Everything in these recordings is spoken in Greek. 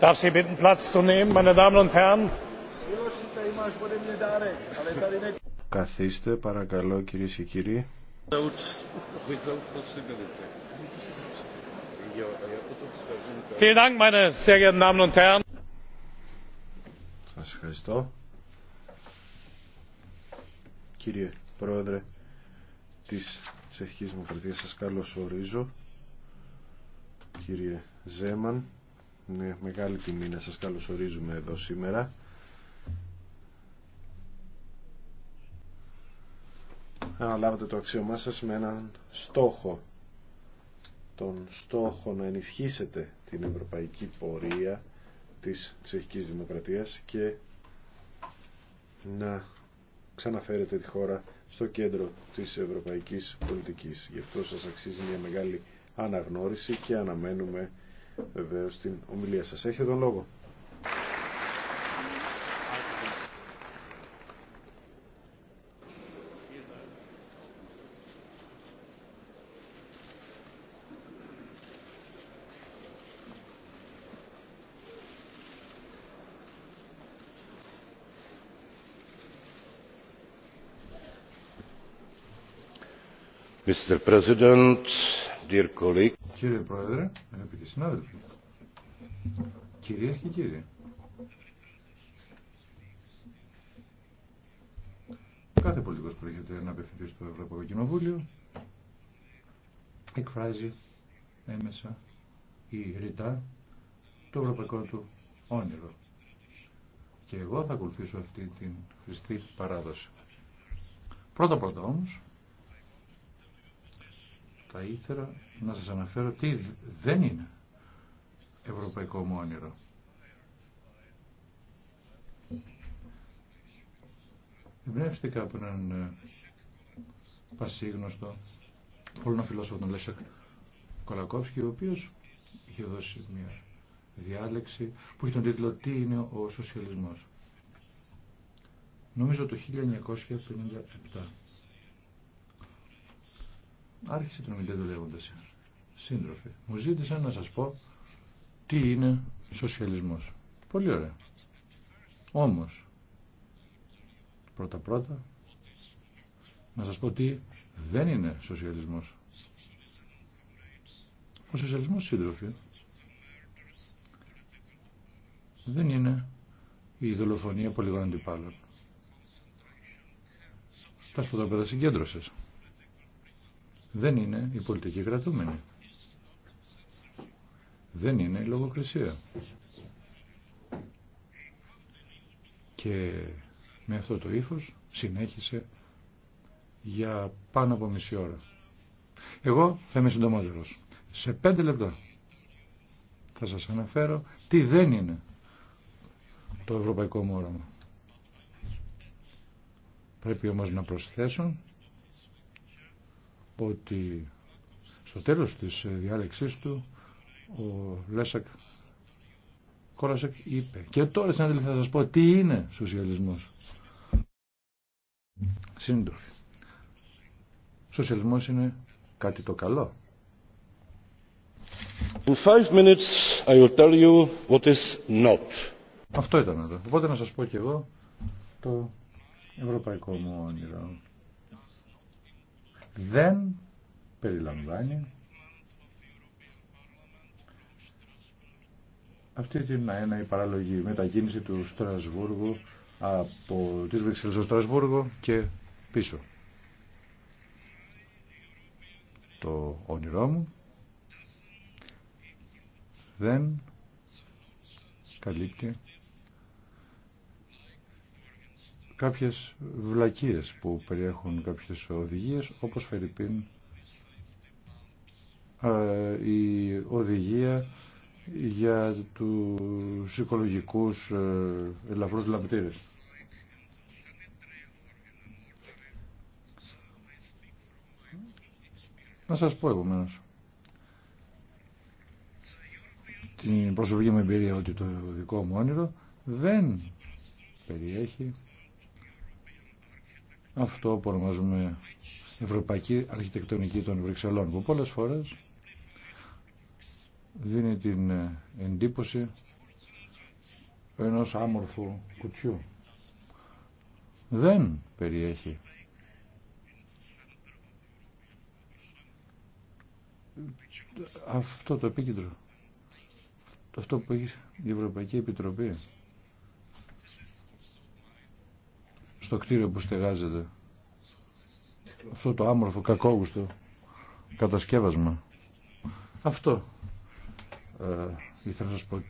darf sie bitten platz zu nehmen meine damen und herren! καθίστε παρακαλώ κυρίες και κύριοι. Σας ευχαριστώ. Κύριε Πρόεδρε της Τσεχικής Δημοκρατίας σας καλώς ορίζω. Κύριε Ζέμαν, είναι μεγάλη τιμή να σας καλωσορίζουμε εδώ σήμερα. Αναλάβετε το αξίωμά σας με έναν στόχο. Τον στόχο να ενισχύσετε την ευρωπαϊκή πορεία της τσεχικής δημοκρατίας και να ξαναφέρετε τη χώρα στο κέντρο της ευρωπαϊκής πολιτικής. Γι' αυτό σας αξίζει μια μεγάλη αναγνώριση και αναμένουμε βεβαίως την ομιλία σας. Έχει τον λόγο. Mr. President, Κύριε Πρόεδρε, αγαπητοί συνάδελφοι, κυρίες και κύριοι, κάθε πολιτικό που έρχεται να απευθυνθεί στο Ευρωπαϊκό Κοινοβούλιο εκφράζει έμεσα ή ρητά το ευρωπαϊκό του όνειρο. Και εγώ θα ακολουθήσω αυτή την χρηστή παράδοση. Πρώτα πρώτα όμως, θα ήθελα να σας αναφέρω τι δεν είναι ευρωπαϊκό μου όνειρο. Εμπνεύστηκα από έναν ε, πασίγνωστο φιλόσοφο τον Λέσσα Κολακόφσκι, ο οποίος είχε δώσει μια διάλεξη που είχε τον τίτλο «Τι είναι ο σοσιαλισμός». Νομίζω το 1957 άρχισε τον ομιλία του λέγοντα. Σύντροφοι, μου ζήτησαν να σα πω τι είναι σοσιαλισμό. Πολύ ωραία. Όμω, πρώτα-πρώτα, να σα πω τι δεν είναι σοσιαλισμό. Ο σοσιαλισμό σύντροφοι, δεν είναι η δολοφονία πολυγών αντιπάλων. Τα σπουδαπέδα συγκέντρωσες δεν είναι η πολιτική κρατούμενη. Δεν είναι η λογοκρισία. Και με αυτό το ύφος συνέχισε για πάνω από μισή ώρα. Εγώ θα είμαι συντομότερος. Σε πέντε λεπτά θα σας αναφέρω τι δεν είναι το ευρωπαϊκό μου όραμα. Πρέπει όμως να προσθέσω ότι στο τέλος της διάλεξής του ο Λέσακ Κόρασεκ είπε και τώρα συνάδελφοι θα σας πω τι είναι σοσιαλισμός. Σύντροφοι. Σοσιαλισμός είναι κάτι το καλό. Αυτό ήταν εδώ. Οπότε να σας πω και εγώ το ευρωπαϊκό μου όνειρο δεν περιλαμβάνει αυτή την ένα η παραλογή μετακίνηση του Στρασβούργου από τις Βρυξέλλες στο Στρασβούργο και πίσω. Το όνειρό μου δεν καλύπτει κάποιες βλακίες που περιέχουν κάποιες οδηγίες όπως Φερρυπίν η οδηγία για τους οικολογικούς ε, ελαφρούς λαμπτήρες. Να σας πω επομένως την προσωπική μου εμπειρία ότι το δικό μου όνειρο δεν περιέχει αυτό που ονομάζουμε Ευρωπαϊκή Αρχιτεκτονική των Βρυξελών, που πολλές φορές δίνει την ε, εντύπωση ενός άμορφου κουτιού. Δεν περιέχει αυτό το επίκεντρο, αυτό που έχει η Ευρωπαϊκή Επιτροπή. στο κτίριο που στεγάζεται. Αυτό το άμορφο κακόγουστο κατασκεύασμα. Αυτό ε, ήθελα να σας πω.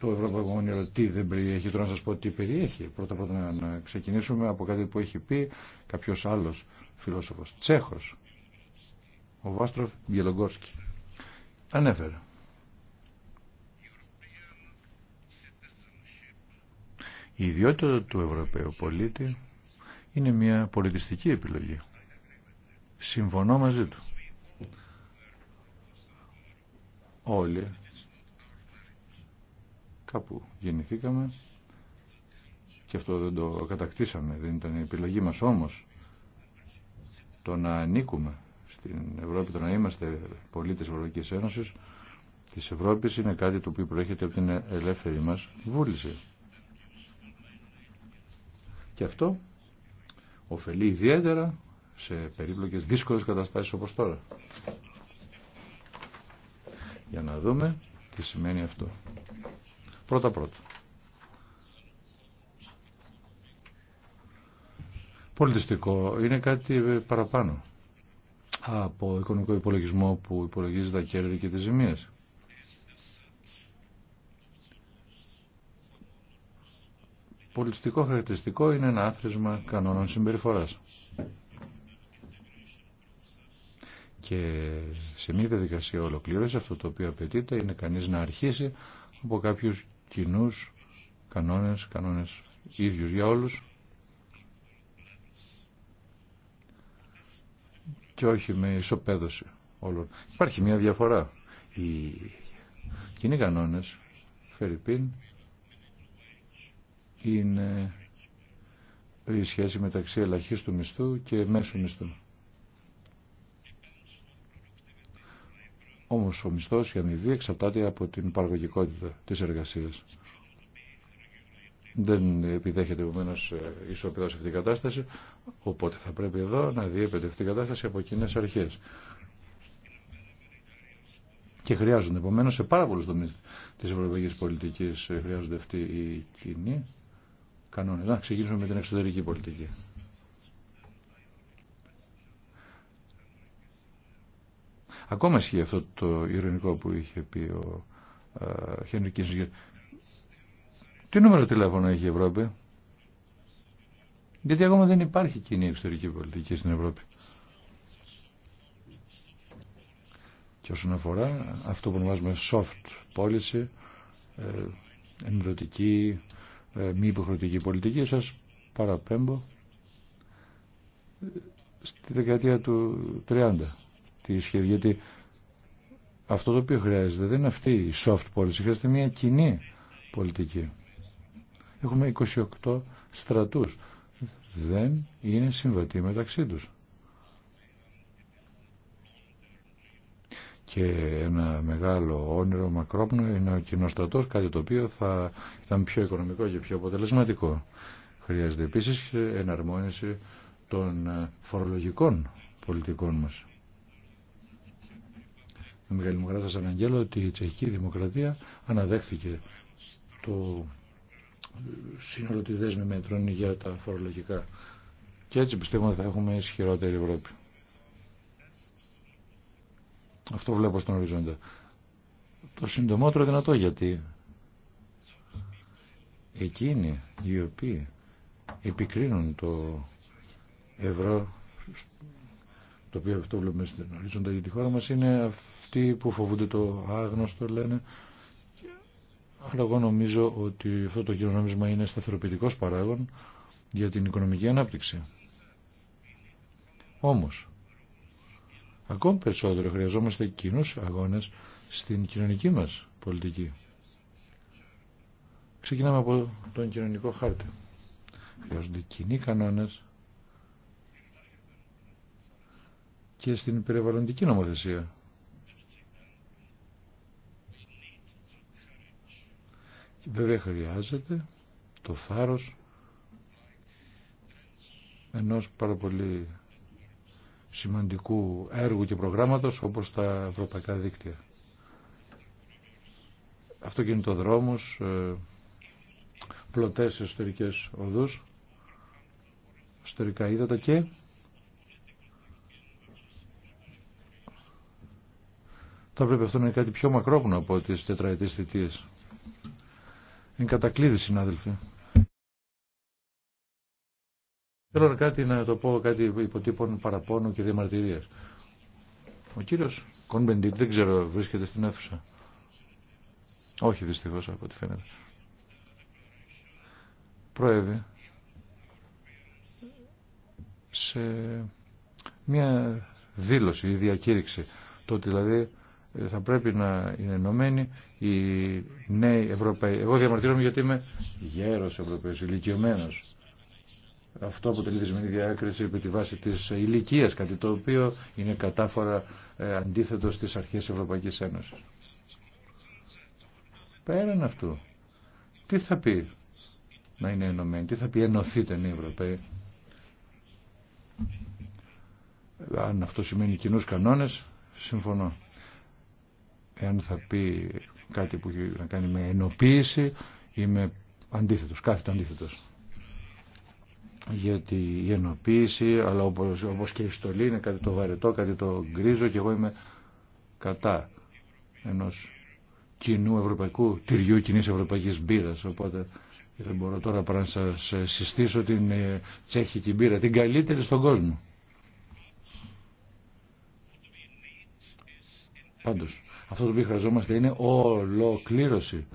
Το Ευρωπαϊκό τι δεν περιέχει, τώρα να σας πω τι περιέχει. Πρώτα απ' όλα να ξεκινήσουμε από κάτι που έχει πει κάποιος άλλος φιλόσοφος. Τσέχος, ο Βάστροφ Γελογκόρσκι Ανέφερε Η ιδιότητα του Ευρωπαίου πολίτη είναι μια πολιτιστική επιλογή. Συμφωνώ μαζί του. Όλοι κάπου γεννηθήκαμε και αυτό δεν το κατακτήσαμε, δεν ήταν η επιλογή μας όμως το να ανήκουμε στην Ευρώπη, το να είμαστε πολίτες Ευρωπαϊκής Ένωσης της Ευρώπης είναι κάτι το οποίο προέρχεται από την ελεύθερη μας βούληση. Και αυτό ωφελεί ιδιαίτερα σε περίπλοκες δύσκολες καταστάσεις όπως τώρα. Για να δούμε τι σημαίνει αυτό. Πρώτα πρώτα. Πολιτιστικό είναι κάτι παραπάνω από οικονομικό υπολογισμό που υπολογίζει τα κέρδη και τις ζημίες. πολιτιστικό χαρακτηριστικό είναι ένα άθροισμα κανόνων συμπεριφοράς. Και σε μια διαδικασία ολοκλήρωση αυτό το οποίο απαιτείται είναι κανείς να αρχίσει από κάποιους κοινού κανόνες, κανόνες ίδιους για όλους και όχι με ισοπαίδωση όλων. Υπάρχει μια διαφορά. Οι κοινοί κανόνες, Φερρυπίν, είναι η σχέση μεταξύ ελαχίστου μισθού και μέσου μισθού. Όμως ο μισθός, η αμοιβή εξαρτάται από την παραγωγικότητα της εργασίας. Δεν επιδέχεται επομένω ε, ισοπεδά αυτή η κατάσταση, οπότε θα πρέπει εδώ να διέπεται αυτή η κατάσταση από κοινέ αρχέ. Και χρειάζονται επομένω σε πάρα πολλού τομεί τη ευρωπαϊκή πολιτική ε, χρειάζονται αυτοί οι κοινοί κανόνες. Να ξεκινήσουμε με την εξωτερική πολιτική. Ακόμα ισχύει αυτό το ειρηνικό που είχε πει ο ε, Χένρι Τι νούμερο τηλέφωνο έχει η Ευρώπη. Γιατί ακόμα δεν υπάρχει κοινή εξωτερική πολιτική στην Ευρώπη. Και όσον αφορά αυτό που ονομάζουμε soft policy, ε, ενδοτική, ε, μη υποχρεωτική πολιτική. Σας παραπέμπω στη δεκαετία του 30 τη γιατί αυτό το οποίο χρειάζεται δεν είναι αυτή η soft policy, χρειάζεται μια κοινή πολιτική. Έχουμε 28 στρατούς. Δεν είναι συμβατοί μεταξύ τους. και ένα μεγάλο όνειρο μακρόπνο είναι ο κοινοστατός, κάτι το οποίο θα ήταν πιο οικονομικό και πιο αποτελεσματικό. Χρειάζεται επίσης εναρμόνιση των φορολογικών πολιτικών μας. Με μεγάλη μου χαρά σας αναγγέλω ότι η Τσεχική Δημοκρατία αναδέχθηκε το σύνολο τη δέσμη μέτρων για τα φορολογικά. Και έτσι πιστεύω ότι θα έχουμε ισχυρότερη Ευρώπη. Αυτό βλέπω στον οριζόντα. Το συντομότερο δυνατό γιατί εκείνοι οι οποίοι επικρίνουν το ευρώ το οποίο αυτό βλέπουμε στην ορίζοντα για τη χώρα μας είναι αυτοί που φοβούνται το άγνωστο λένε αλλά εγώ νομίζω ότι αυτό το κύριο είναι σταθεροποιητικός παράγον για την οικονομική ανάπτυξη. Όμως, Ακόμη περισσότερο χρειαζόμαστε κοινού αγώνες στην κοινωνική μας πολιτική. Ξεκινάμε από τον κοινωνικό χάρτη. Χρειάζονται κοινοί κανόνες και στην περιβαλλοντική νομοθεσία. Και βέβαια χρειάζεται το θάρρος ενός πάρα πολύ σημαντικού έργου και προγράμματος όπως τα ευρωπαϊκά δίκτυα. Αυτοκινητοδρόμους, ε, πλωτές εσωτερικές οδούς, εσωτερικά ύδατα και θα πρέπει αυτό να είναι κάτι πιο μακρόχρονο από τις τετραετές θητείες. Είναι κατακλείδη συνάδελφοι. Θέλω κάτι να το πω, κάτι υποτύπων παραπώνου και διαμαρτυρίας. Ο κύριος Κονμπεντίτ δεν ξέρω βρίσκεται στην αίθουσα. Όχι δυστυχώς από ό,τι φαίνεται. Προέβη σε μια δήλωση ή διακήρυξη το ότι δηλαδή θα πρέπει να είναι ενωμένοι οι νέοι Ευρωπαίοι. Εγώ διαμαρτύρομαι γιατί είμαι γέρος Ευρωπαίος, ηλικιωμένος. Αυτό αποτελεί δυσμενή διάκριση επί τη βάση της ηλικίας, κάτι το οποίο είναι κατάφορα ε, αντίθετο στις αρχές Ευρωπαϊκής Ένωσης. Πέραν αυτού, τι θα πει να είναι ενωμένοι, τι θα πει ενωθείτε οι Ευρωπαίοι. Αν αυτό σημαίνει κοινού κανόνες, συμφωνώ. Εάν θα πει κάτι που έχει να κάνει με ενοποίηση, είμαι αντίθετος, κάθετα αντίθετος γιατί η ενοποίηση αλλά όπως, και η στολή είναι κάτι το βαρετό, κάτι το γκρίζο και εγώ είμαι κατά ενός κοινού ευρωπαϊκού τυριού, κοινή ευρωπαϊκή μπύρα. Οπότε δεν μπορώ τώρα παρά να σα συστήσω την ε, τσέχικη μπύρα, την καλύτερη στον κόσμο. Πάντω, αυτό το οποίο χρειαζόμαστε είναι ολοκλήρωση.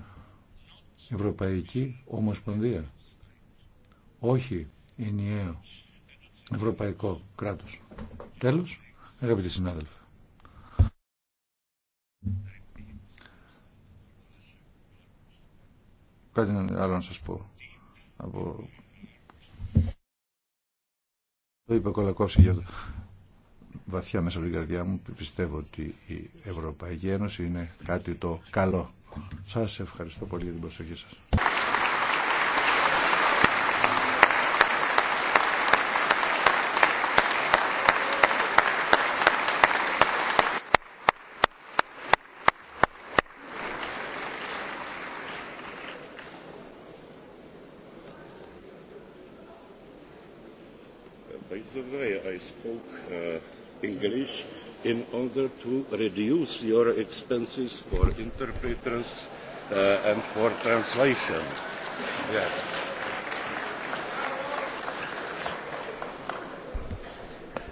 Ευρωπαϊκή Ομοσπονδία. Όχι ενιαίο ευρωπαϊκό κράτος. Τέλος, αγαπητοί συνάδελφοι. Κάτι άλλο να σας πω. Από... Το είπε ο για βαθιά μέσα από την καρδιά μου πιστεύω ότι η Ευρωπαϊκή Ένωση είναι κάτι το καλό. Σας ευχαριστώ πολύ για την προσοχή σας. By the way, I spoke English in order to reduce your expenses for interpreters and for translation. Yes.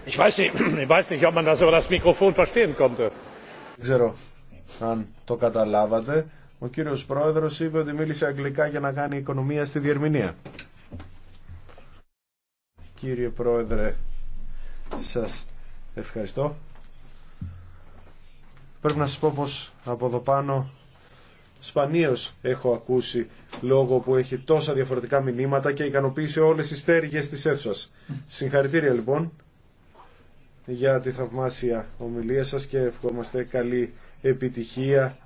Ich weiß nicht, ich weiß nicht, ob man das über das Mikrofon verstehen konnte. Ξέρω αν το καταλάβατε. Ο κύριος Πρόεδρος είπε ότι μίλησε αγγλικά για να κάνει οικονομία στη Διερμηνία. Κύριε Πρόεδρε, σας ευχαριστώ. Πρέπει να σας πω πως από εδώ πάνω σπανίως έχω ακούσει λόγο που έχει τόσα διαφορετικά μηνύματα και ικανοποίησε όλες τις πτέρυγες της αίθουσας. Συγχαρητήρια λοιπόν για τη θαυμάσια ομιλία σας και ευχόμαστε καλή επιτυχία.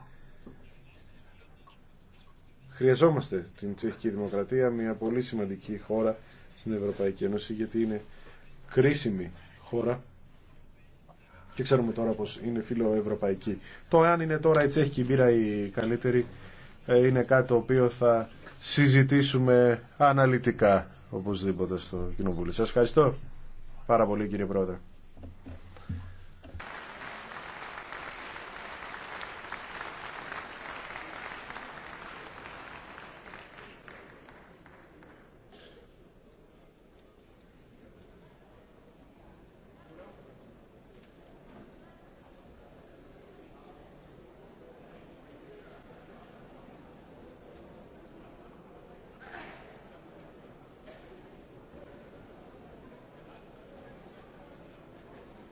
Χρειαζόμαστε την Τσεχική Δημοκρατία, μια πολύ σημαντική χώρα στην Ευρωπαϊκή Ένωση γιατί είναι κρίσιμη χώρα και ξέρουμε τώρα πως είναι φιλοευρωπαϊκή. Το αν είναι τώρα η τσέχικη μπύρα η καλύτερη ε, είναι κάτι το οποίο θα συζητήσουμε αναλυτικά οπωσδήποτε στο Κοινοβούλιο. Σας ευχαριστώ πάρα πολύ κύριε Πρόεδρε.